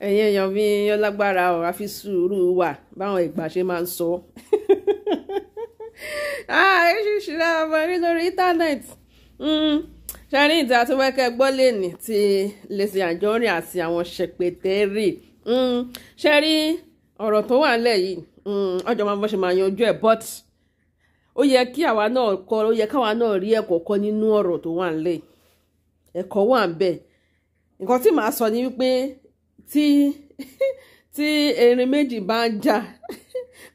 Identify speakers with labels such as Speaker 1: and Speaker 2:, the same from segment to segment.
Speaker 1: ẹ̀yin èèyàn mi yọ lágbára ọ̀ àfi sùúrù wà báwọn ìgbà ṣe máa ń sọ. ṣíṣíra ah, ọmọ rí lórí íńtánẹ́ẹ̀tì ṣẹ́rí ìta tó fẹ́ ti Lizzy Anjorin àti àwọn ṣèpètẹ́rì hmm, ṣẹ́rí ọ̀rọ̀ tó wà nílẹ̀ yìí hmm, ọjọ́ máa bọ́ ṣe máa yanjú ẹ̀ but ó yẹ kí àwa náà kọ́ ó yẹ káwa náà rí ẹ̀kọ́ kọ́ nínú ọ̀rọ̀ tó wà nílẹ̀ ẹ̀kọ́ wà ń nǹkan tí màá sọ ni wípé tí tí erin méjì bá ń jà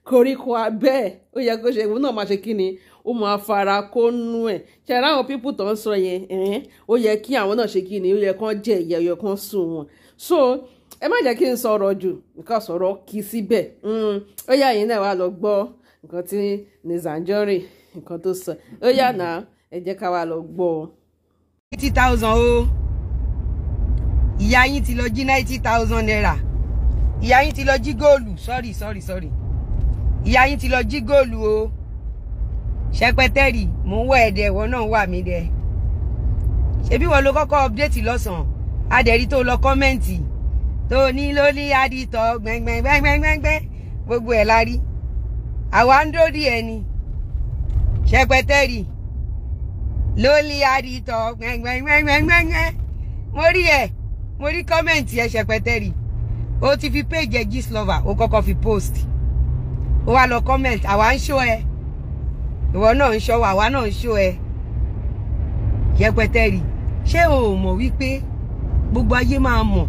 Speaker 1: koríko abẹ́ ẹ̀ ó yẹ kó ṣe náà máa ṣe kí ni ó máa fara kó nú ẹ̀ ṣe ara àwọn pípù tó sọ yẹn o yẹ kí àwọn náà ṣe kí ni ó yẹ kán jẹ ìyà ó yẹ kán sùn wọn so ẹ má jẹ́ kí n sọ̀rọ̀ jù nǹkan sọ̀rọ̀ kí síbẹ̀ hmm, ó náà lọ gbọ́ nǹkan tí ní Zanjori nǹkan tó sọ ó ẹ jẹ́ ká lọ gbọ́. ìyá yín ti lọ jí ninety thousand naira ìyá yín ti lọ jí góòlù sorry sorry sorry ìyá yín ti lọ jí góòlù o ṣẹpẹtẹrì mò ń wọ ẹdẹ ìwọ náà wà mí dẹ ṣebí wọn ló kọ́kọ́ update lọ́sàn adẹ̀rí tó lọ kọ́mẹ́ǹtì tó ní lórí adìtọ̀ gbẹngbẹngbẹngbẹngbẹ gbogbo ẹ̀ la rí àwa ń dórí ẹ ni ṣẹpẹtẹrì lórí adìtọ̀ gbẹngbẹngbẹngbẹngbẹ mo rí ẹ mo rí kọ́mẹ̀ntì ẹ ṣẹpẹtẹ́rì o ti fi péjì ẹ gist lover o kọ́kọ́ fi post o wá lọ kọ́mẹ̀ntì àwa ń ṣó ẹ ìwọ náà ń ṣọ́ wa àwa náà ń ṣó ẹ ṣẹpẹtẹ́rì ṣé o ò mọ̀ wípé gbogbo ayé máa mọ̀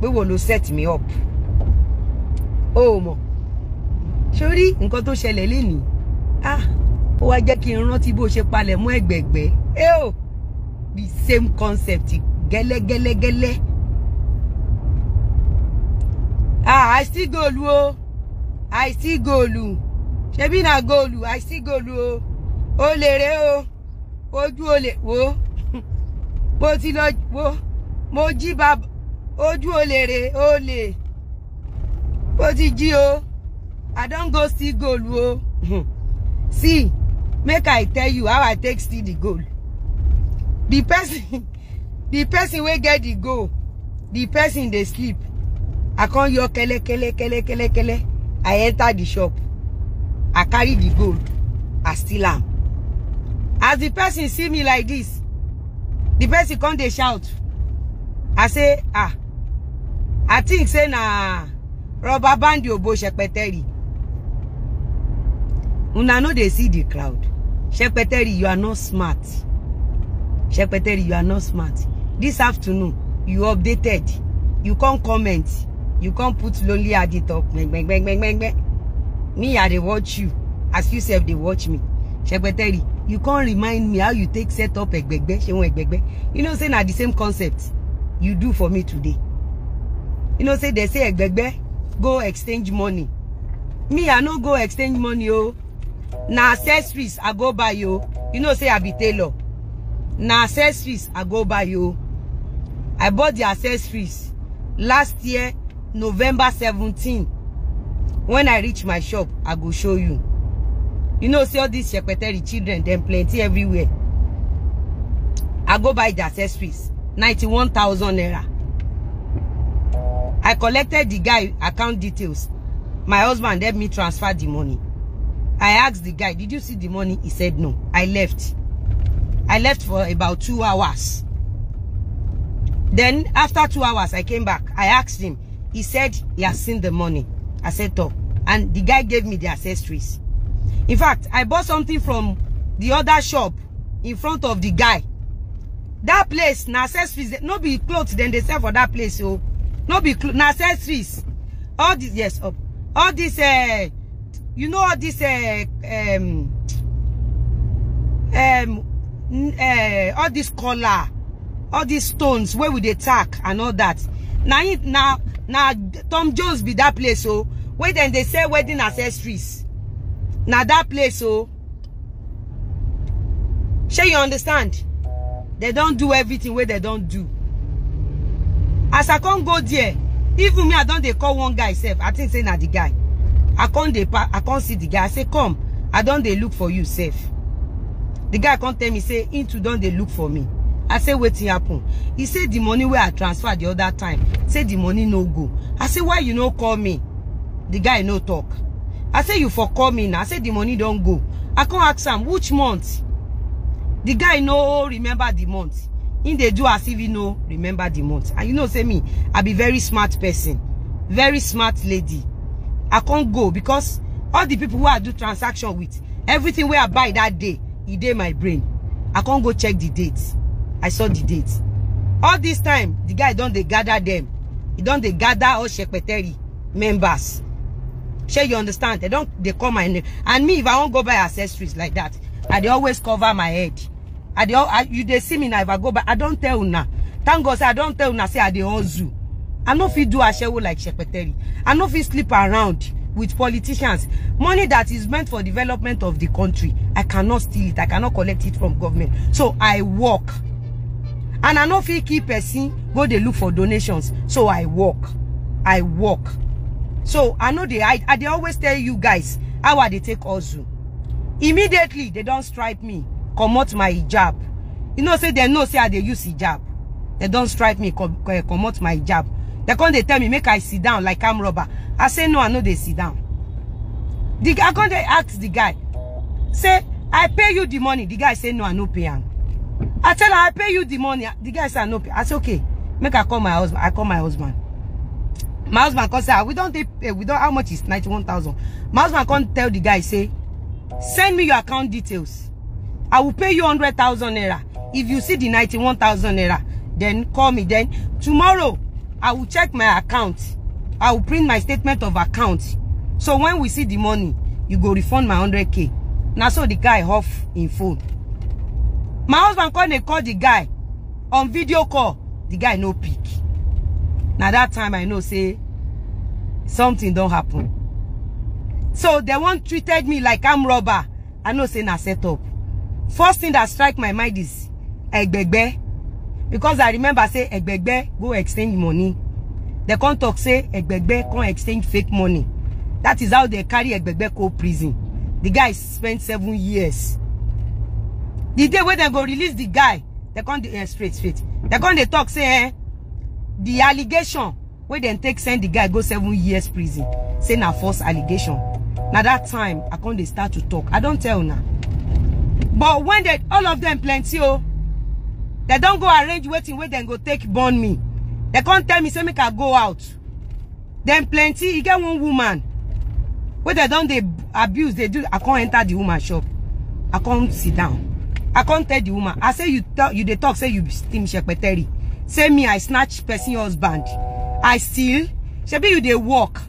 Speaker 1: pé wo ló set me up o ò mọ̀ sórí nǹkan tó ṣẹlẹ̀ lénìí ah ó wá jẹ́ kí n rántí bó ṣe palẹ̀ mọ́ ẹ̀gbẹ̀gbẹ́ ẹ o the same concept gẹ́lẹ́gẹ́lẹ́gẹ́lẹ́ ah i see goal o oh. i see goal ṣebí na goal i see goal oh. o o le rè o oh. ojú olè wo mo ti lọ wo mo jí bàbá le olè rè olè mo ti jí o i don go see goal o see make i tell you how i take see the goal the person the person wey get the goal the person dey sleep I come here kele kele kele kele kele. I enter the shop. I carry the gold. I steal am. As the person see me like this, the person come they shout. I say, ah, I think say na rubber band obo shepeteri. Una no they see the crowd. Shepeteri, you are not smart. Shepeteri, you are not smart. This afternoon, you updated. You can't comment. You can't put lonely at the top. Bang, bang, bang, bang, bang, bang. Me, I they watch you. As you self, they watch me. Secretary, you can't remind me how you take set up egbegbe. egbegbe. You know, saying at the same concept you do for me today. You know, say they say egbegbe, go exchange money. Me, I no go exchange money, oh. Na accessories, I go buy, yo. Oh. You know, say I be tailor. Na accessories, I go buy, yo. Oh. I bought the accessories last year november 17 when i reach my shop i go show you you know see all these secretary children them plenty everywhere i go buy the accessories 91,000 naira i collected the guy account details my husband helped me transfer the money i asked the guy did you see the money he said no i left i left for about two hours then after two hours i came back i asked him he said he has seen the money. I said, "Oh, And the guy gave me the accessories. In fact, I bought something from the other shop in front of the guy. That place, now accessories, no be clothes, then they sell for that place. So, oh. no be now accessories. All this, yes, up. Oh. All this, uh, you know, all this, uh, um, um, uh, all this collar, all these stones, where would they tack and all that. Now, now na tom jones be dat place o wey dem dey sell wedding accessories na dat place o oh. shey you understand dem don do everything wey dem don do as i con go there even me i don dey call one guy sef i think say na the guy i con dey i con see the guy i say come i don dey look for you sef The guy con tell me say him too don dey look for me I say wetin happen. He say the money where I transfer the other time. Say the money no go. I say why you no call me? The guy no talk. I say you for call me now. I say the money don go. I come ask am which month? The guy no remember the month. In dey do as if he no remember the month. And you know say me, I be very smart person. Very smart lady. I can't go because all the people who I do transaction with, everything where I buy that day, e dey my brain. I can't go check the dates. I saw the date. All this time, the guy don't dey gather them. He don't dey gather all Shepeteri members. Shey you understand? They don't they call my name. And me, if I wan go buy accessories like that, I they always cover my head. I dey I, you they see me now if I go buy. I don't tell una. Thank God say I don't tell una say I they dey zoo. I no fit do a ashewo like Shepeteri. I no fit sleep around with politicians. Money that is meant for development of the country. I cannot steal it. I cannot collect it from government. So I work and i no fit kill person go dey look for donations so i work i work so i no dey hide i dey always tell you guys how i dey take hustle immediately they don stripe me comot my hijab you know say they know say i dey use hijab They don stripe me eh, comot my hijab They come dey tell me make i sit down like am rubber i say no i no dey sit down the i come dey ask the guy say i pay you the money the guy say no i no pay am I tell her, I pay you the money. The guy said, no I said, okay. Make I call my husband. I call my husband. My husband can say, ah, we don't pay. we don't, how much is 91,000? My husband can't tell the guy, say, send me your account details. I will pay you 100,000 naira. If you see the 91,000 naira, then call me. Then tomorrow, I will check my account. I will print my statement of account. So when we see the money, you go refund my 100K. Now so the guy off in phone my husband called. dey called the guy on video call the guy no pick Now that time i know say something don't happen so dem wan treated me like i'm robber i know say na set up first thing that strike my mind is egbegbe because i remember say egbegbe go exchange money They can't talk say egbegbe can't exchange fake money that is how they carry egbegbe go prison the guy spent seven years the day wey they go release the guy dem come dey eh, straight straight They come they talk say eh the allegation where they take send the guy go seven years prison say now false allegation Now that time i come they start to talk i don't tell now. but when they all of them plenty oh they don't go arrange waiting where they go take born me They can't tell me say make i go out Then plenty you e get one woman where they don't they abuse they do i can't enter the woman shop i can't sit down i can't tell the woman i say you tell you dey talk say you steam shepeteri say me i snatch person husband i steal shebi you dey walk.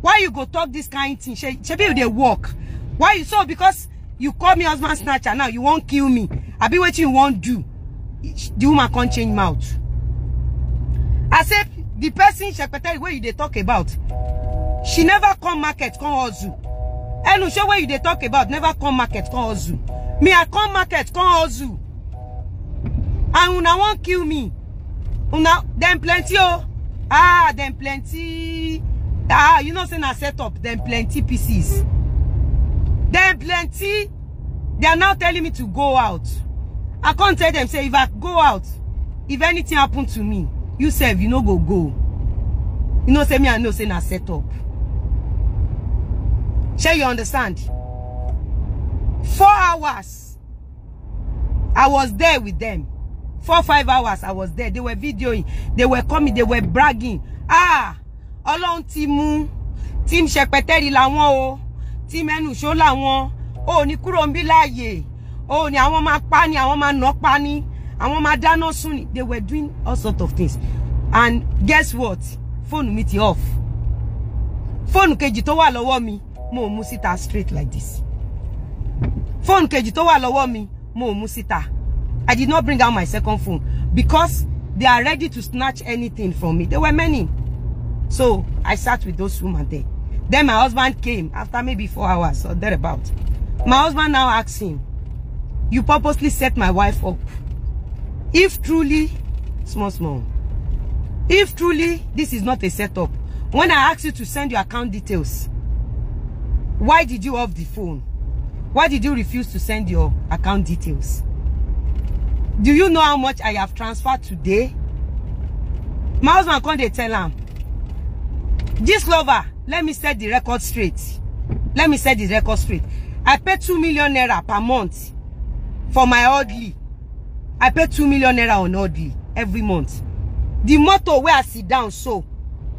Speaker 1: why you go talk this kind thing shebi you dey walk. why you so because you call me husband snatcher now you won't kill me I be waiting. you won't do the woman can't change mouth i say the person shepeteri where you dey talk about she never come market come hustle ẹnu ṣé where you dey talk about never come market come hustle me i come market come hustle and una wan kill me una dem plenty oh, ah dem plenty ah you know say na set up dem plenty pieces dem plenty they are now telling me to go out i can't tell them say if i go out if anything happen to me you sef you no go go you know say me i know say na set up shey you understand. Four hours. I was there with them. Four, five hours I was there. They were videoing. They were coming. They were bragging. Ah! along ti mú. Team la làwọn o. Team Ẹnusó làwọn. O ni kúrò ń bí láàyè. O ní àwọn máa pa ni. Àwọn máa nà pa ni. Àwọn máa dáná sùn ni. They were doing all sort of things. And guess what? Phone meet off. Phone kejì tó wa lọ́wọ́ mi. Mo mú síta straight like this phone kejì tó wà lọ́wọ́ mi mo mú síta i did not bring out my second phone because they are ready to snatch anything from me there were many so i sat with those women there then my husband came after maybe four hours or thereabout my husband now asked him you purposely set my wife up if truly small small if truly this is not a setup when i asked you to send your account details why did you off the phone Why did you refuse to send your account details? Do you know how much I have transferred today? My husband called. dey tell him, This lover, let me set the record straight. Let me set the record straight. I pay 2 million naira per month for my orderly. I pay 2 million naira on orderly every month. The motor where I sit down so,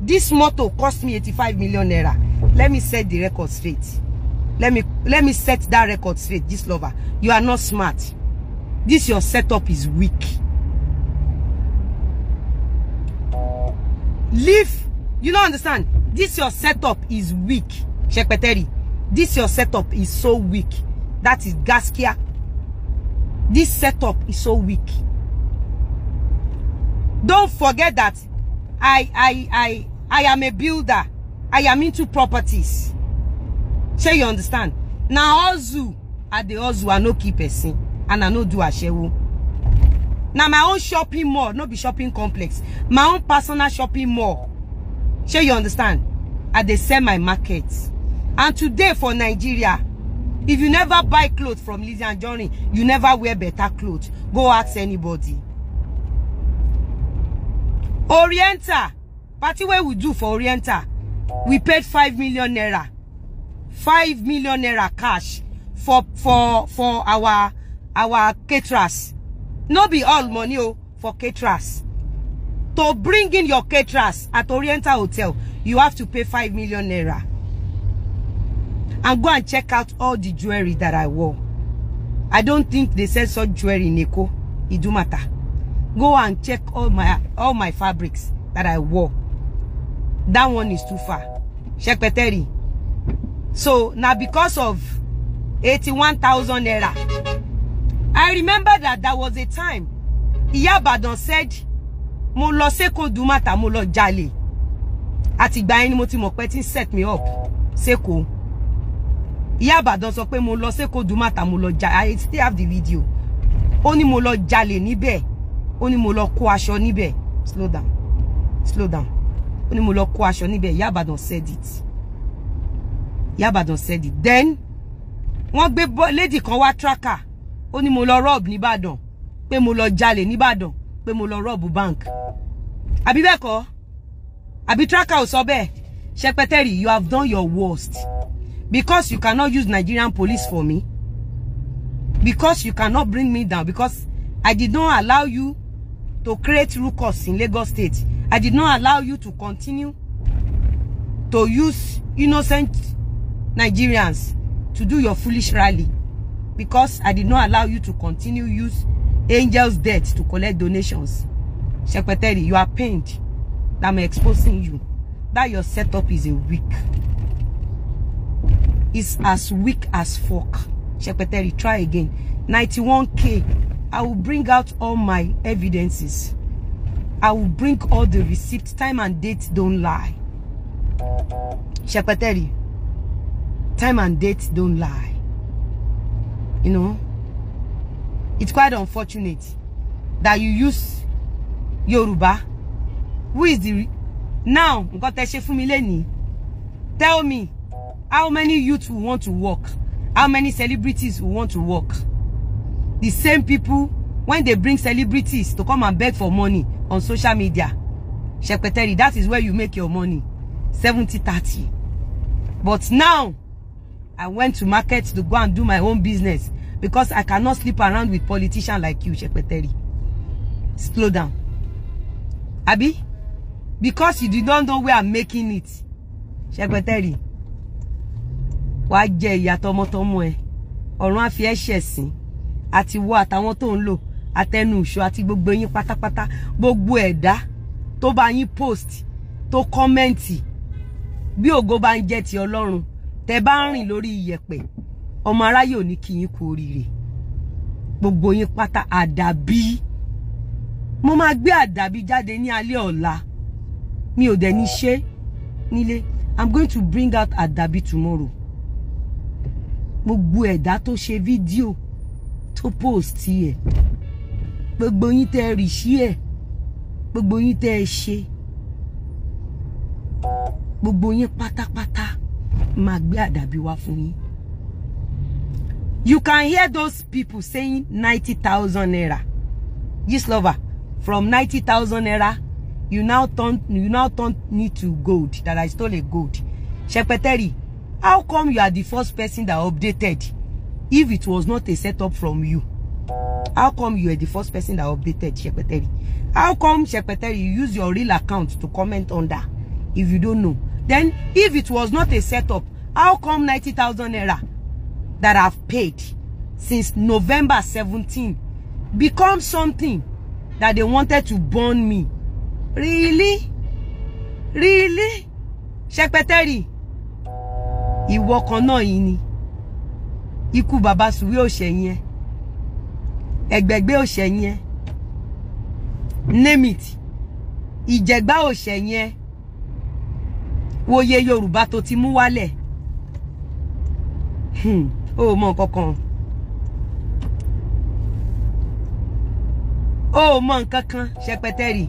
Speaker 1: this motor cost me 85 million naira. Let me set the record straight let me let me set that record straight this lover you are not smart this your setup is weak leave you don't understand this your setup is weak Shekpeteri this your setup is so weak that is Gaskia this setup is so weak don't forget that I I I I am a builder I am into properties shey you understand na hustle i dey hustle i no kill person and i no do ashewo Now my own shopping mall not be shopping complex my own personal shopping mall shey you understand i dey sell my market and today for nigeria if you never buy clothes from lizzie and Johnny, you never wear better clothes. go ask anybody oriental party where we do for oriental we paid five million naira five million naira cash for for for our our caterers no be all money oh for caterers to bring in your caterers at Oriental Hotel you have to pay five million naira and go and check out all the jewelry that I wore I don't think they sell such jewelry in Eko matter. go and check all my all my fabrics that I wore that one is too far Check Shekpeteri so na because of eighty-one thousand naira i remember that there was a time Ìyá said mo lọ seko dumata mo lọ jalè àti ìgbà yẹn ni mo ti mọ̀ pé tin set me up seko Ìyá Ìbàdàn sọ pé mo lọ seko dumata mo lọ jalè i still have the video ó ní mo lọ jalè níbẹ̀ ó ní mo lọ kó aṣọ níbẹ̀ slow down slow down ó ní mo lọ kó aṣọ níbẹ̀ Ìyá said it yàbàdàn said it then wọ́n gbé lady kan wá tracker ó ní mo lọ rob nìbàdàn pé mo lọ jalè nìbàdàn pé mo lọ rob bank àbí bẹ́ẹ̀ kọ́ àbí tracker ò sọ bẹ́ẹ̀ secretary you have done your worst because you cannot use Nigerian police for me because you cannot bring me down because I did not allow you to create ruckus in Lagos State I did not allow you to continue to use innocent Nigerians to do your foolish rally because I did not allow you to continue use angel's debt to collect donations. Secretary, you are pained that I'm exposing you. That your setup is a weak. It's as weak as fuck. Secretary, try again. 91K. I will bring out all my evidences. I will bring all the receipts. Time and date don't lie. Secretary, time and date don't lie. You know, it's quite unfortunate that you use Yoruba. Who is the now? Got a chef Tell me how many youths who want to work, how many celebrities who want to work. The same people when they bring celebrities to come and beg for money on social media. Secretary, that is where you make your money. 70 30. But now I went to market to go and do my own business because I cannot sleep around with politicians like you, Shepeteri. Slow down. Abi, because you did not know where I'm making it. Shepeteri, wàá jẹ ìyà tọmọtọmọ ẹ. Ọ̀run á fi ẹ́ ṣẹ̀sín. Àti wo àtàwọn to ń atenu àtẹnu ati àti gbogbo yín pátápátá, gbogbo ẹ̀dá tó bá yín post, to kọ́mẹ́ǹtì. Bi ògo bá ń jẹ́ ti Ọlọ́run tẹ bá ń rìn lórí iyẹ̀pẹ̀ ọmọ aráyé ò ní kí yín kú oríire gbogbo yín pátá àdàbí mo máa gbé àdàbí jáde ní alẹ́ ọ̀la mi ò dẹ̀ ní ṣe nílé i'm going to bring out àdàbí tomorrow gbogbo ẹ̀dá tó ṣe fídíò tó post ẹ̀ gbogbo yín tẹ́ rì sí ẹ̀ gbogbo yín tẹ́ ẹ ṣe gbogbo yín pátápátá máa gbé àdàbí wá fún yín you can hear those people saying ninety thousand naira yes lover from ninety thousand naira you now turn you now turn me to gold that I stole a gold Shepeteri how come you are the first person that updated if it was not a setup from you how come you are the first person that updated Shepeteri how come Shepeteri you use your real account to comment on that if you don't know Then, if it was not a setup, how come 90,000 naira that I've paid since November 17 become something that they wanted to burn me? Really? Really? Secretary, ìwọ kan náà yìí ni. Ikú bàbá Sùwé òṣè yẹn. Ẹgbẹ̀gbẹ́ òṣè shenye. Name it. Ìjẹ̀gbá òṣè shenye wo iye yorùbá tó ti mú wálẹ̀ hmm, o mọ nǹkan kan o mọ nǹkan kan ṣẹpẹtẹrì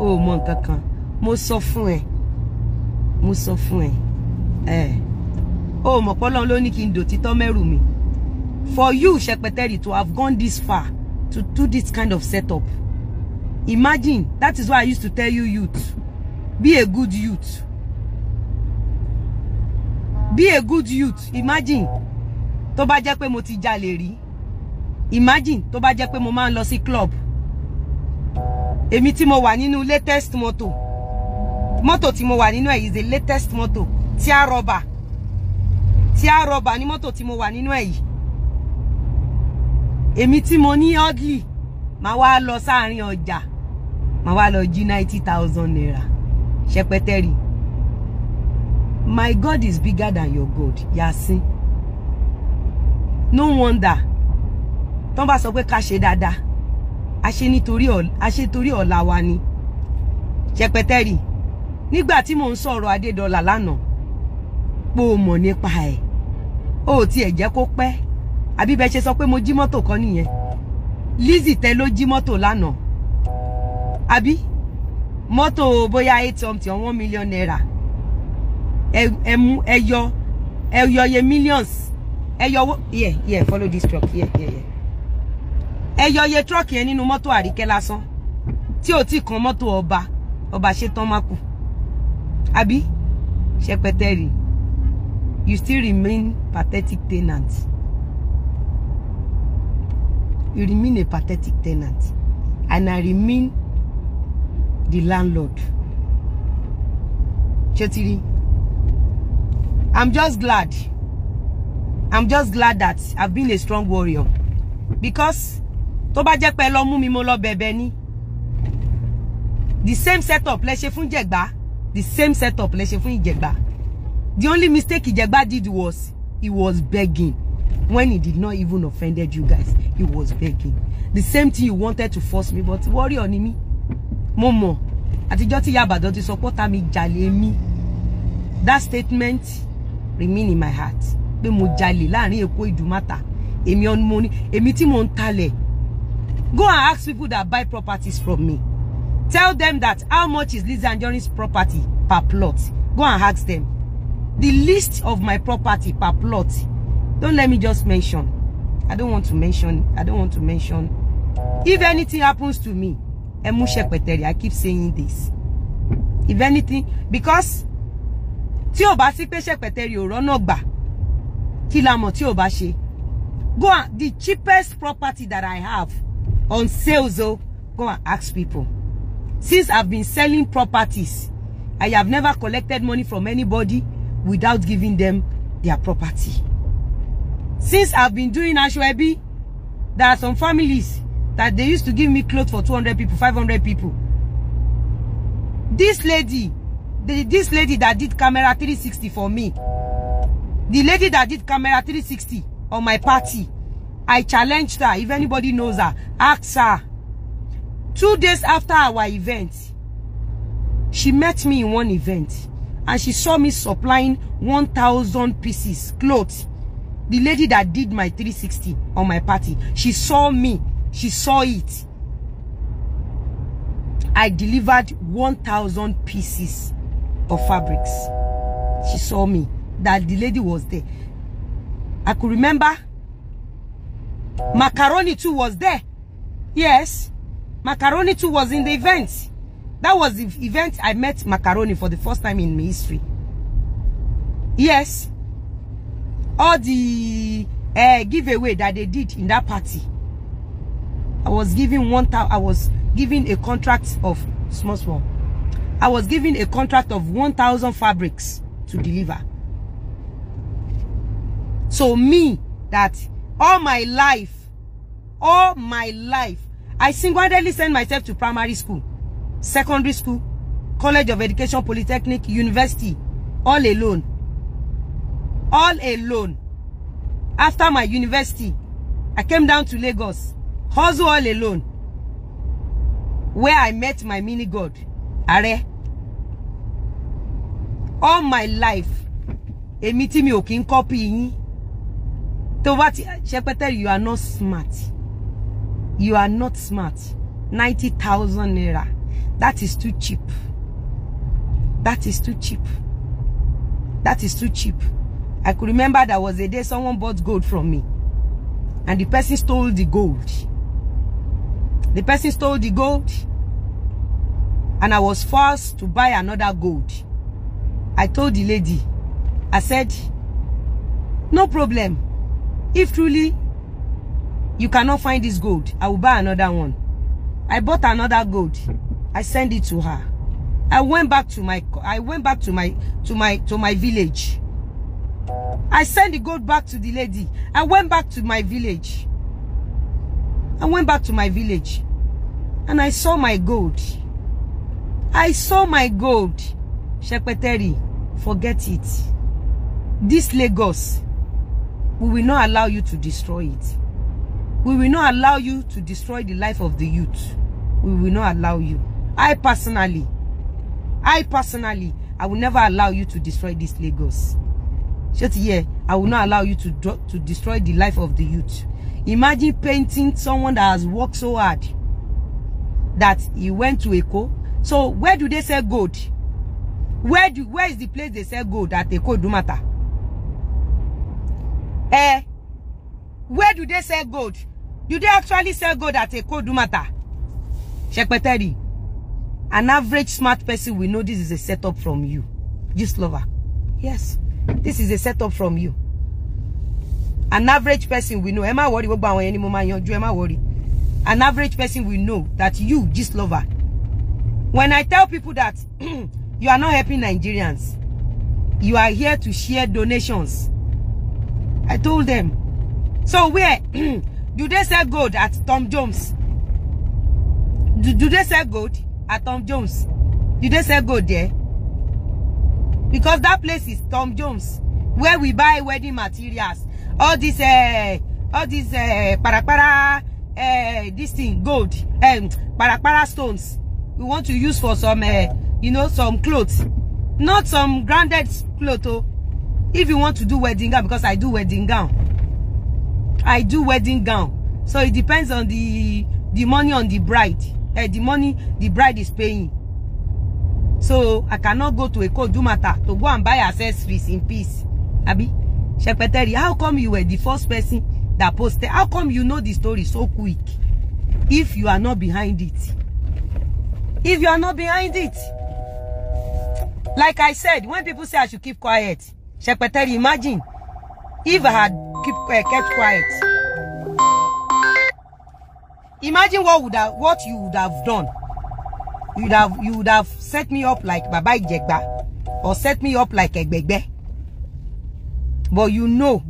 Speaker 1: o mọ nǹkan kan mo sọ fún ẹ mo sọ fún ẹ ẹ o mọ pọlọ́n ló ní kí n dòtítọ́ mẹ́rù mi for you ṣẹpẹtẹrì to have gone this far to do this kind of setup imagine that is why I used to tell you youth be a good youth be a good youth imagine tó bá jẹ́ pé mo ti jalè rí imagine tó bá jẹ́ pé mo máa ń lọ sí club èmi tí mo wà nínú latest moto Moto tí mo wà nínú ẹ̀ is the latest moto tí a rọ̀bà tí a rọ̀bà ní mọ́tò tí mo wà nínú ẹ̀ yìí èmi tí mo ní oddly màá wá lọ sáàrin ọjà màá wá lọ jí ninety thousand naira ṣẹpẹtẹ́rì My God is bigger than your God. Yasin. No wonder. Tọ́n bá sọ pé ká ṣe dáadáa. A ṣe nítorí a ṣe torí ọ̀la wa ni. Ṣẹpẹtẹ́rì. Nígbà tí mò ń sọ̀rọ̀ Adédọ́là lánàá. Pò mọ̀ nípa ẹ̀. O tiẹ̀ jẹ́ kó pẹ́. Àbí bẹ́ẹ̀ ṣe sọ pé mo jí mọ́tò kan nìyẹn. Lizzie tẹ ló jí mọ́tò lánàá. Àbí mọ́tò bóyá eight something or one million naira ẹ mú ẹ yọ ẹ yọ iye millions ẹ yọ yeah yeah follow this truck yeah yeah yeah ẹ yọ iye truck yẹn nínú mọ́tò àríkẹ́ lásán tí ò tí kan mọ́tò ọba ọba ṣetán má kù àbí ṣẹpẹtẹrì you still remain pathetic tenant you remain a pathetic tenant and I remain the landlord ṣé ti rí I'm just glad. I'm just glad that I've been a strong warrior. Because tó bá jẹ́ pé lọ mú mi mo lọ bẹ̀bẹ̀ ni. The same setup lẹ ṣe fún Jẹ̀gbá. The same setup lẹ ṣe fún Ìjẹ̀gbá. The only mistake Ìjẹ̀gbá did was he was begging when he did not even offended you guys. He was begging. The same thing you wanted to force me but warrior ni mi, Mo ati àtijọ́ tí Ìyá Ìbàdàn ti sọ mi jà mi. That statement remain in my heart pé mo jalè láàrin Èkó Ìdúmàtà èmi ọ̀n mo ní èmi tí mo ń talẹ̀ go and ask people that buy properties from me tell them that how much is Lizzy Anjorin's property per plot go and ask them the list of my property per plot don't let me just mention I don't want to mention I don't want to mention if anything happens to me emu mú ṣẹpẹtẹrì I keep saying this if anything because tí ò bá sí pé ṣẹpẹtẹrì ò rọ́nà gbà kí la mọ̀ tí ò bá ṣe go and the cheapest property that I have on sales o go and ask people since I've been selling properties I have never collected money from anybody without giving them their property since I've been doing Asoebi there are some families that they used to give me clothes for 200 people 500 people this lady the, this lady that did camera 360 for me, the lady that did camera 360 on my party, I challenged her. If anybody knows her, ask her. Two days after our event, she met me in one event and she saw me supplying 1,000 pieces clothes. The lady that did my 360 on my party, she saw me. She saw it. I delivered 1,000 pieces of fabrics. She saw me, that the lady was there. I could remember Macaroni too was there. Yes, Macaroni too was in the event. That was the event I met Macaroni for the first time in my history. Yes, all the uh, giveaway that they did in that party. I was giving one. I was giving a contract of small small I was given a contract of 1,000 fabrics to deliver. So me, that all my life, all my life, I single-handedly sent myself to primary school, secondary school, college of education, polytechnic, university, all alone. All alone. After my university, I came down to Lagos, hustle all alone, where I met my mini-god, Are. all my life èmi tí mi ò kí ń copy yín tó bá ti ṣẹpẹtẹ you are not smart you are not smart ninety thousand naira that is too cheap that is too cheap that is too cheap I could remember there was a day someone bought gold from me and the person stole the gold the person stole the gold and I was forced to buy another gold I told the lady, I said, no problem. If truly you cannot find this gold, I will buy another one. I bought another gold. I sent it to her. I went back to my I went back to my to my to my village. I sent the gold back to the lady. I went back to my village. I went back to my village and I saw my gold. I saw my gold. Shepeteri, forget it. This Lagos, we will not allow you to destroy it. We will not allow you to destroy the life of the youth. We will not allow you. I personally, I personally, I will never allow you to destroy this Lagos. Just here, I will not allow you to, to destroy the life of the youth. Imagine painting someone that has worked so hard that he went to Eko. So where do they sell gold? where do where is the place they sell gold at Ekodumata? Eh? Where do they sell gold? Do they actually sell gold at Ekodumata? Shekpeteri. An average smart person will know this is a setup from you. Just lover. Yes. This is a setup from you. An average person will know. Am I worried? gbogbo àwọn ẹni mo máa yanjú, I má worry. An average person will know that you, just lover. When I tell people that You are not helping Nigerians. You are here to share donations. I told them. So where do they sell gold at Tom Jones? Do, do they sell gold at Tom Jones? Do they sell gold there? Because that place is Tom Jones, where we buy wedding materials. All this, uh, all this, uh, eh, para para, uh, eh, this thing, gold, um, para para stones we want to use for some uh, you know some clothes not some grounded clothes oh if you want to do wedding gown because i do wedding gown i do wedding gown so it depends on the the money on the bride uh, the money the bride is paying so i cannot go to a Kodumata to go and buy accessories in peace abi secretary how come you were the first person that posted how come you know the story so quick if you are not behind it if you are not behind it. Like I said, when people say I should keep quiet, Shepeteri, imagine if I had keep, uh, kept quiet. Imagine what would have, what you would have done. You would have you would have set me up like Baba Ijegba or set me up like Egbegbe. But you know,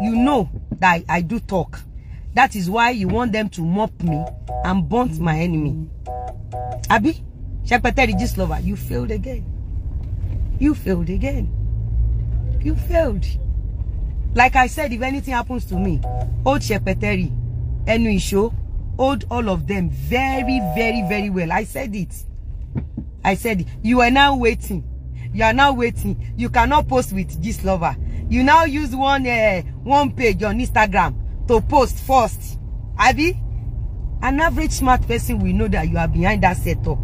Speaker 1: you know that I, I do talk. That is why you want them to mop me and burnt my enemy. Abi, Shepeteri lover, you failed again. You failed again. You failed. Like I said, if anything happens to me, old Shepeteri, Enu Isho, hold all of them very, very, very well. I said it. I said, you are now waiting. You are now waiting. You cannot post with this lover. You now use one uh, one page on Instagram to post first. Abi? An average smart person will know that you are behind that setup.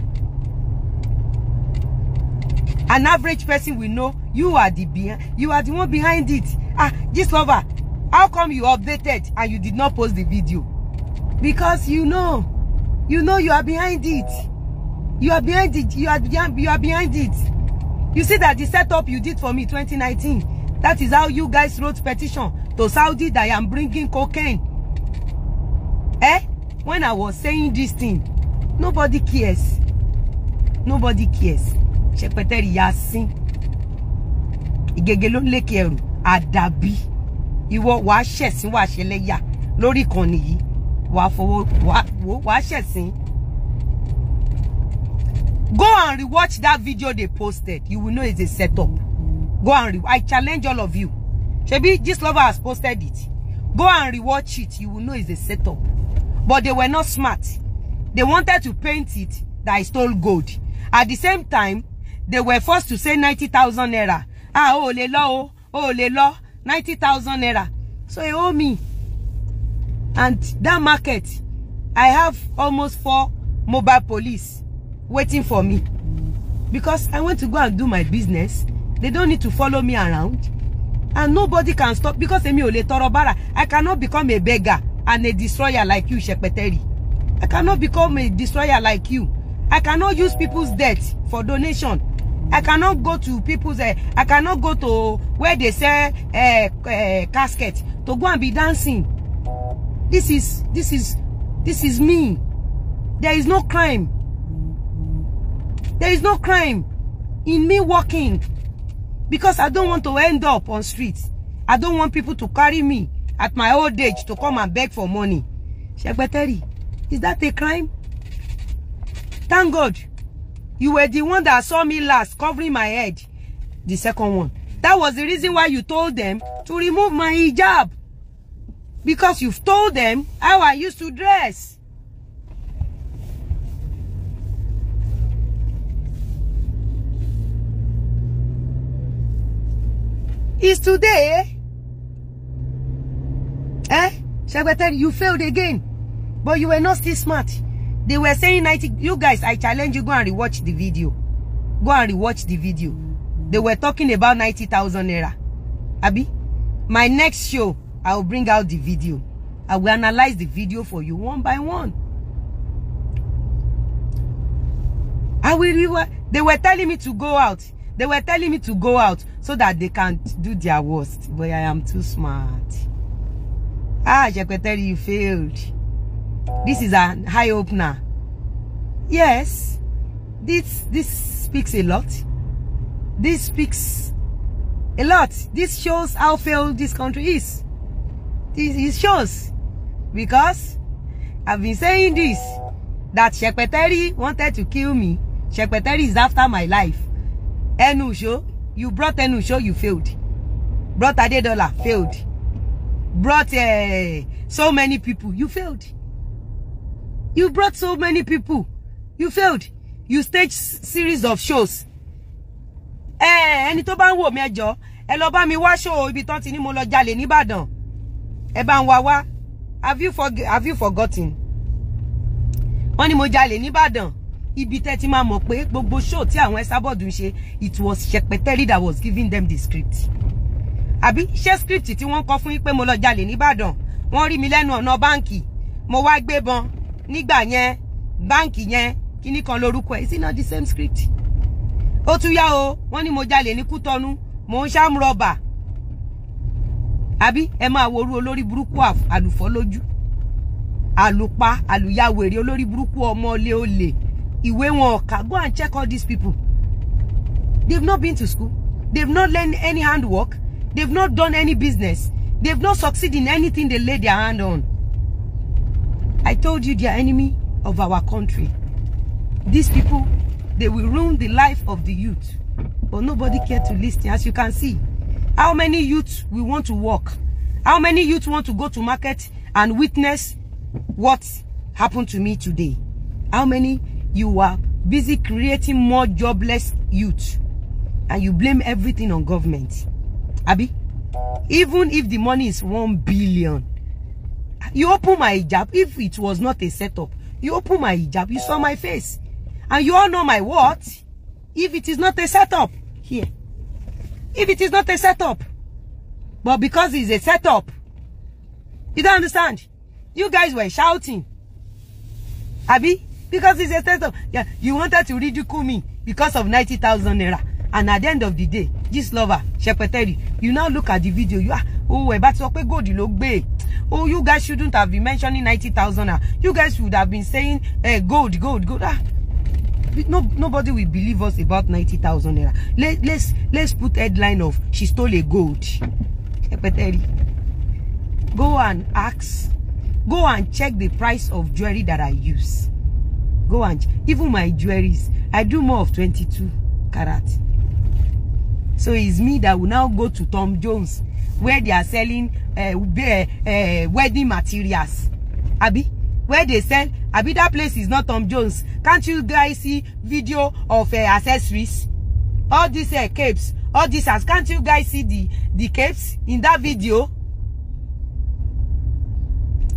Speaker 1: An average person will know you are the behind, you are the one behind it. Ah, this lover, how come you updated and you did not post the video? Because you know, you know you are behind it. You are behind it. You are behind, you are behind it. You see that the setup you did for me 2019, that is how you guys wrote petition to Saudi that I am bringing cocaine. Eh? when I was saying this thing, nobody cares. Nobody cares. Ṣẹpẹtẹrì Yasin. Ìgègè ló ń lékè ẹrù. Àdàbí. Ìwọ wàá ṣẹ̀sín Lori koni. lórí ìkànnì yìí. Wàá fowó wàá Go and rewatch that video they posted. You will know it's a setup. Go and re I challenge all of you. Shebi this lover has posted it. Go and rewatch it. You will know it's a setup. But they were not smart. They wanted to paint it that I stole gold. At the same time, they were forced to say 90,000 naira. Ah, oh, le law, oh, le law, 90,000 naira. So he owe me. And that market, I have almost four mobile police waiting for me. Because I want to go and do my business. They don't need to follow me around. And nobody can stop because èmi ò lè I cannot become a beggar and a destroyer like you, Shepeteri. I cannot become a destroyer like you. I cannot use people's debt for donation. I cannot go to people's, uh, I cannot go to where they sell uh, uh, casket to go and be dancing. This is, this is, this is me. There is no crime. There is no crime in me walking because I don't want to end up on streets. I don't want people to carry me at my old age to come and beg for money. Shegbeteri, is that a crime? Thank God. You were the one that saw me last covering my head. The second one. That was the reason why you told them to remove my hijab. Because you've told them how I used to dress. Is today Eh? Shagwater, you failed again. But you were not still smart. They were saying 90. You guys, I challenge you, go and rewatch the video. Go and rewatch the video. They were talking about 90,000 naira. Abi, my next show, I'll bring out the video. I will analyze the video for you one by one. I will They were telling me to go out. They were telling me to go out so that they can do their worst. But I am too smart. Ah, Jekwetel, you failed. This is a high opener. Yes, this this speaks a lot. This speaks a lot. This shows how failed this country is. This it shows because I've been saying this that Shekpeteri wanted to kill me. Shekpeteri is after my life. Enusho, you brought Enusho, you failed. Brought Adedola, failed brought uh, so many people. You failed. You brought so many people. You failed. You staged series of shows. Eh, any tó bá ń wò mí ẹjọ́, ẹ mi wá show ibi tọ́n ti ní mo lọ jalè ní Ìbàdàn. Ẹ bá ń wá Have you for have you forgotten? Wọ́n ní mo jalè ni Ìbàdàn. Ibi tẹ́ ti máa mọ̀ pé gbogbo show ti àwọn Esabod ń it was Shekpeteri that was giving them the script àbí ṣé script tí wọ́n kọ fún yín pé mo lọ jalè nìbàdàn wọ́n rí mi lẹ́nu ọ̀nà báǹkì mo wá gbébọn nígbà yẹn báǹkì yẹn kíní kan lórúkọ ẹ̀ sí náà the same script ó tún yá o wọ́n ní mo jalè ní Kútọ́nù mò ń ṣáàmù rọ̀bà àbí ẹ máa worú olórí burúkú àlùfọ́ lójú àlùpa àlùyáwèrè olórí burúkú ọmọ olè olè ìwé wọn ọ̀ka go and check all these people they've not been to school they've not learned any handwork They've not done any business. They've not succeeded in anything they laid their hand on. I told you they are enemy of our country. These people, they will ruin the life of the youth. But nobody care to listen. As you can see, how many youths we want to work? How many youths want to go to market and witness what happened to me today? How many you are busy creating more jobless youth and you blame everything on government? abi even if the money is one billion you open my hijab if it was not a setup you open my hijab you saw my face and you all know my what if it is not a setup here if it is not a setup but because it's a setup you don't understand you guys were shouting abi because it's a setup yeah you wanted to ridicule me because of ninety thousand naira and at the end of the day this lover Shepeteri you now look at the video you are oh ẹ bá ti sọ pé gold ló gbé oh you guys shouldn't have been mentioning ninety thousand ah you guys would have been saying eh, gold gold gold ah no nobody will believe us about ninety thousand naira let let's let's put headline of she stole a gold Shepeteri go and ask go and check the price of jewelry that I use. Go and even my jewelries. I do more of twenty two carat. So it's me that will now go to Tom Jones where they are selling uh, uh, wedding materials. Abby. where they sell, Abby. that place is not Tom Jones. Can't you guys see video of uh, accessories? All these uh, capes, all these, can't you guys see the, the capes in that video?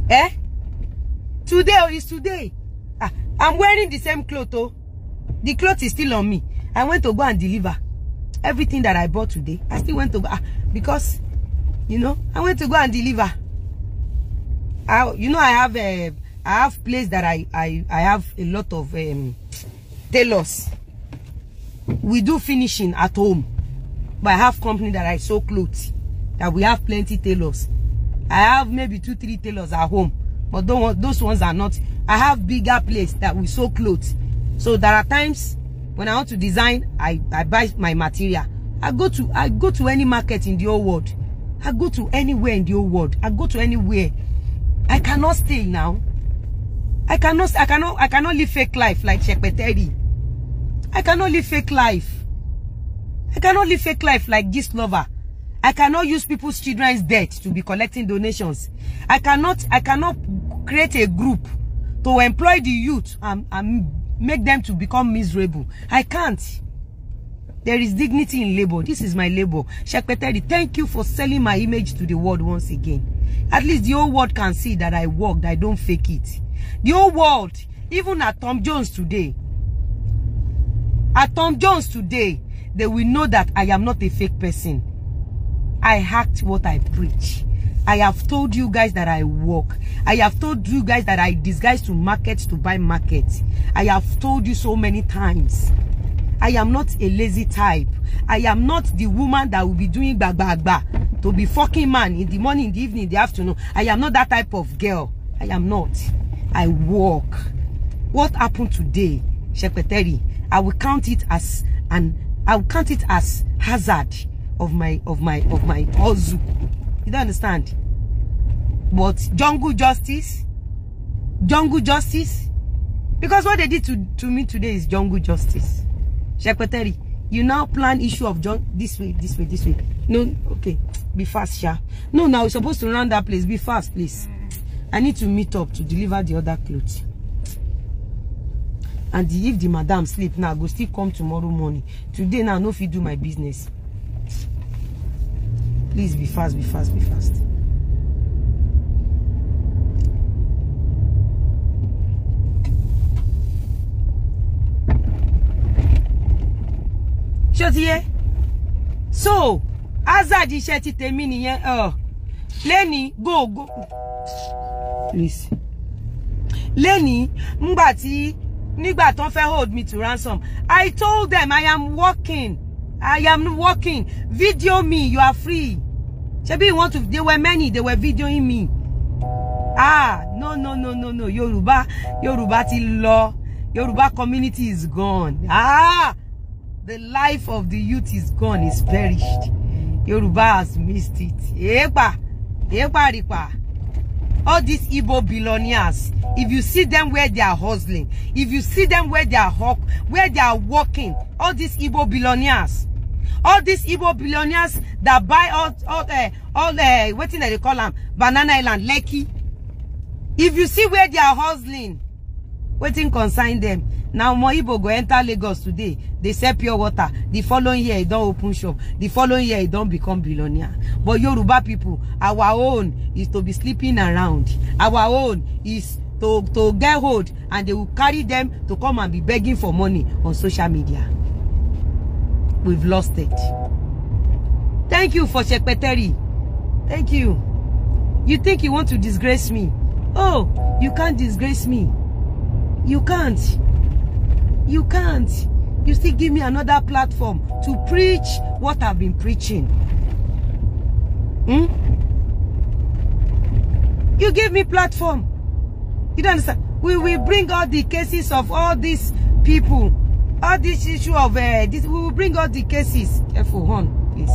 Speaker 1: Eh? Today oh, is today. Ah, I'm wearing the same cloth, oh. The cloth is still on me. I went to go and deliver. everything that I bought today, I still went to go, ah, because, you know, I went to go and deliver. I, you know, I have a, eh, I have place that I, I, I have a lot of um, tailors. We do finishing at home. But I have company that I sew clothes. That we have plenty tailors. I have maybe two, three tailors at home. But those ones are not. I have bigger place that we sew clothes. So there are times when I want to design, I, I buy my material. I go to I go to any market in the old world. I go to anywhere in the old world. I go to anywhere. I cannot stay now. I cannot I cannot I cannot live fake life like Shekpeteri. I cannot live fake life. I cannot live fake life like this lover. I cannot use people's children's debt to be collecting donations. I cannot I cannot create a group to employ the youth. and and. I'm make them to become miserable i can't there is dignity in labor this is my labor shekpeteri thank you for selling my image to the world once again at least the whole world can see that i worked i don't fake it the whole world even at tom jones today at tom jones today they will know that i am not a fake person i act what i preach I have told you guys that I work. I have told you guys that I disguise to market to buy market. I have told you so many times. I am not a lazy type. I am not the woman that will be doing ba to be fucking man in the morning, in the evening, in the afternoon. I am not that type of girl. I am not. I work. What happened today, Secretary? I will count it as an I will count it as hazard of my of my of my hustle. You don't understand? But jungle justice, jungle justice, because what they did to, to me today is jungle justice. Secretary, you now plan issue of junk this way, this way, this way. No, okay, be fast, Sha. No, now we're supposed to run that place. Be fast, please. I need to meet up to deliver the other clothes. And if the madam sleep now, nah, go still come tomorrow morning. Today now, no fit do my business. Please be fast, be fast, be fast. ṣó ti yé so hazard iṣẹ́ ti Oh, nìyẹn go go. please lẹ́ni ngbà tí nígbà tó fẹ́ hold me to ransom I told them I am working I am working video me you are free Shebi want to they were many, they were videoing me. Ah, no, no, no, no, no. Yoruba, Yoruba ti lọ. Yoruba community is gone. Ah, the life of the youth is gone, is perished. Yoruba has missed it. Epa, epa ripa. All these Igbo billionaires, if you see them where they are hustling, if you see them where they are hawk, where they are walking. all these Igbo billionaires, all these Igbo billionaires that buy all all the, eh, all uh, wetin dem dey call them, banana island lekki if you see where they are hustling wetin consign them? Now more igbo go enter lagos today They sell pure water the following year e don't open shop the following year e don't become billionaire but yoruba people our own is to be sleeping around our own is to to get hold and they will carry them to come and be begging for money on social media. we've lost it. Thank you for Shekpeteri. Thank you. You think you want to disgrace me? Oh, you can't disgrace me. You can't. You can't. You still give me another platform to preach what I've been preaching. Hmm? You gave me platform. You don't understand? We will bring all the cases of all these people all this issue of uh, this we will bring all the cases careful hon please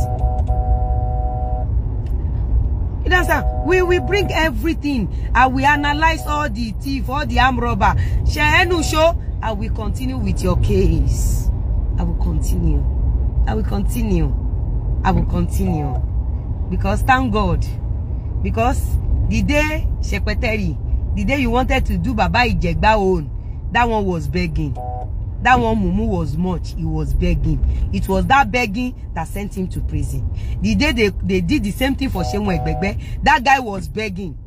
Speaker 1: you know sir we will bring everything and we analyze all the thief all the arm robber shehenu show i will continue with your case i will continue i will continue i will continue because thank god because the day secretary the day you wanted to do baba ijegba own that one was begging that one mumu was much he was begging it was that begging that sent him to prison the day they, they did the same thing for Seun Egbegbe that guy was begging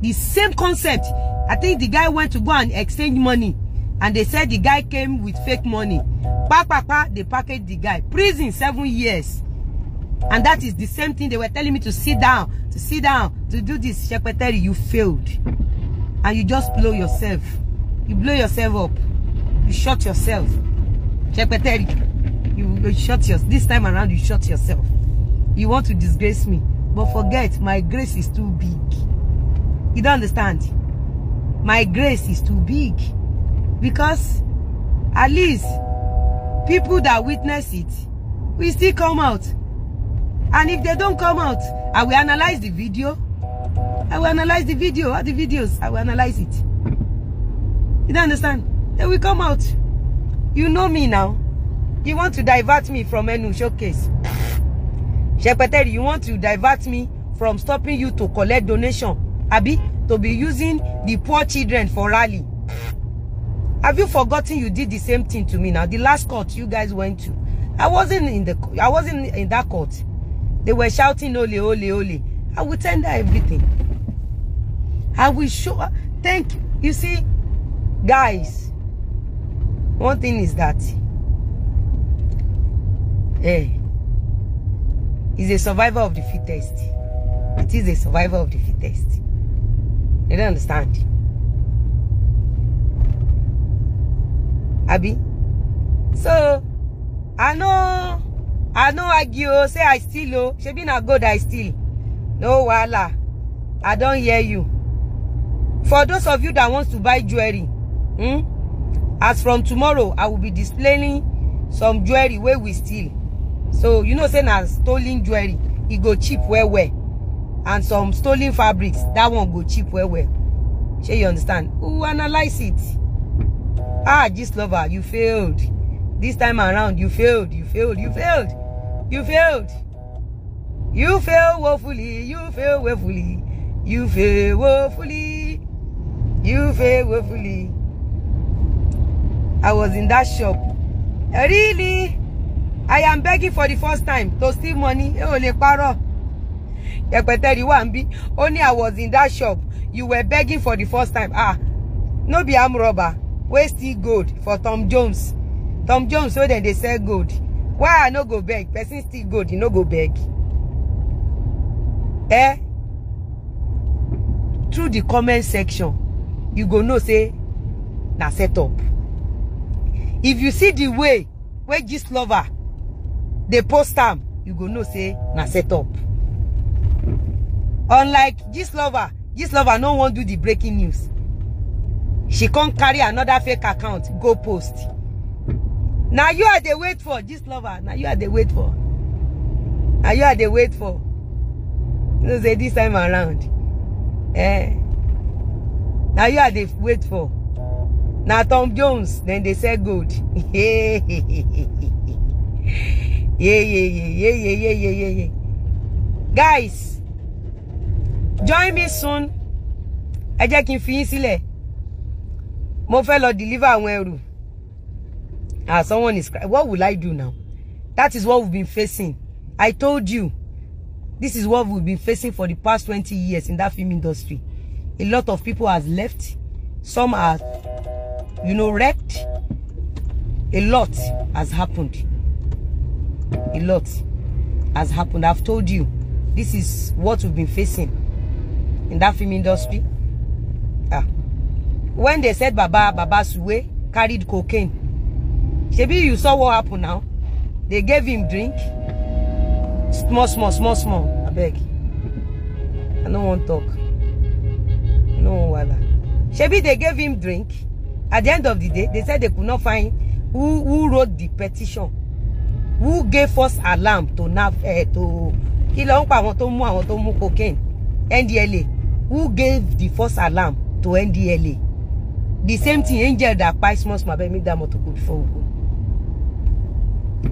Speaker 1: the same concept i think the guy went to go and exchange money and they said the guy came with fake money pa pa pa they packaged the guy prison seven years and that is the same thing they were telling me to sit down to sit down to do this secretary you failed and you just blow yourself you blow yourself up you shot yourself. Chepeteri, you, you shot yourself. This time around, you shot yourself. You want to disgrace me. But forget, my grace is too big. You don't understand? My grace is too big. Because at least people that witness it will still come out. And if they don't come out, I will analyze the video. I will analyze the video, all the videos. I will analyze it. You don't understand? They will come out. You know me now. You want to divert me from Enu showcase. Shepeteri, you want to divert me from stopping you to collect donation. Abi, to be using the poor children for rally. Have you forgotten you did the same thing to me now? The last court you guys went to. I wasn't in the I wasn't in that court. They were shouting ole ole ole. I will tender everything. I will show thank you. You see, guys, one thing is that hey eh, he's a survivor of the fittest it is a survivor of the fittest You don't understand Abby. so i know, i know. argue o say i steal oh, she be not good. i steal no wala. i don't hear you for those of you that wants to buy jewelry hmm? as from tomorrow i will be displaying some jewelry where we steal so you know saying as stolen jewelry it go cheap well well and some stolen fabrics will one go cheap well well shey you understand who analyse it ah just lover you failed This time around you failed you failed you failed you failed you fail woefully you fail woefully you fail woefully you fail woefully I was in that shop. Really? I am begging for the first time to steal money. Ẹ ò lè parọ́. Yẹpẹtẹ̀rí wà ń bí. I was in that shop. You were begging for the first time. Ah, no be arm robber. Where steal gold for Tom Jones. Tom Jones so dem dey sell gold. Why I no go beg? Person steal gold, you e no go beg. Eh? Through the comment section, you go no say na set up if you see the way where this lover dey post them, you go know say na set up unlike this lover this lover no want do the breaking news she can't carry another fake account go post Now you i the wait for this lover Now you i the wait for na you i the wait for you know say this time around eh Now you i the wait for na tom jones dem dey sell gold guys join me soon ẹ jẹ́ kí n fi yín sílẹ̀ mo fẹ́ lọ deliver àwọn ẹrù ah someone is what will i do now that is what we've been facing i told you this is what we've been facing for the past 20 years in that film industry a lot of people has left some are you know, wrecked. A lot has happened. A lot has happened. I've told you, this is what we've been facing in that film industry. Ah. When they said Baba, Baba Suwe carried cocaine. maybe you saw what happened now. They gave him drink. Small, small, small, small. I beg. I don't want to talk. No, Wala. Maybe they gave him drink. At the end of the day, they said they could not find who, who wrote the petition, who gave false alarm to NAF, uh, eh, to kí ló ń pa cocaine, NDLA, who gave the false alarm to NDLA. The same thing Angel that buy small baby make that motoko before we go.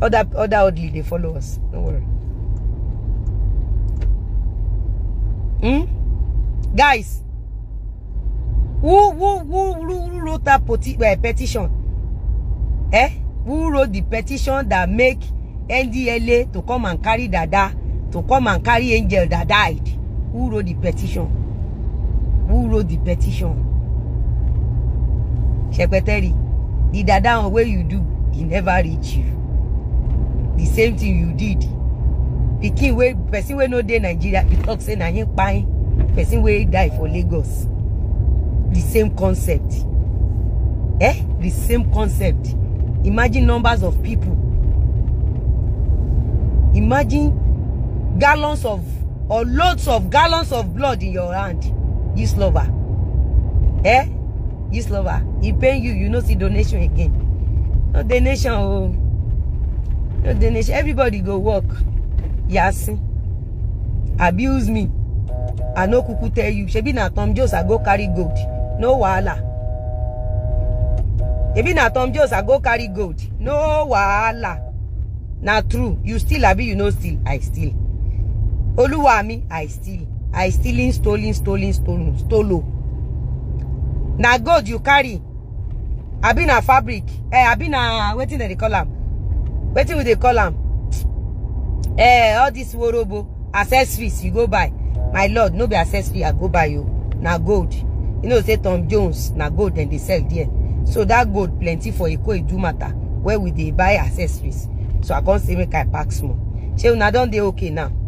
Speaker 1: Other other oddly they follow us. Don't worry. Hmm? Guys, Who, who, who, who wrote that peti uh, eh, petition? Eh? Who wrote the petition that make NDLA to come and carry Dada, to come and carry Angel that died? Who wrote the petition? Who wrote the petition? Secretary, the Dada on where you do, he never reach you. The same thing you did. Pikin wey person wey no dey Nigeria, he talks say na him kpai. Person wey die for Lagos the same concept eh the same concept imagine numbers of people imagine gallons of or loads of gallons of blood in your hand this lover eh this lover he paying you you no see donation again no donation oh no donation everybody go work yasin abuse me i no kuku tell you shebi na tom jones i go carry gold no wahala if na tom jones i go carry gold no wahala na true you steal abi you no steal i steal oluwa mi i steal i stealing stolen stolen stolen stolo na gold you carry abi na fabric eh abi na wetin dem dey call am wetin we dey call am eh all this worobo accessories you go buy my lord no be accessory i go buy o na gold you know say tom jones na gold dem dey sell there so that gold plenty for ikoedu matter where we dey buy accessories so i come say make i pack small shey una don dey okay now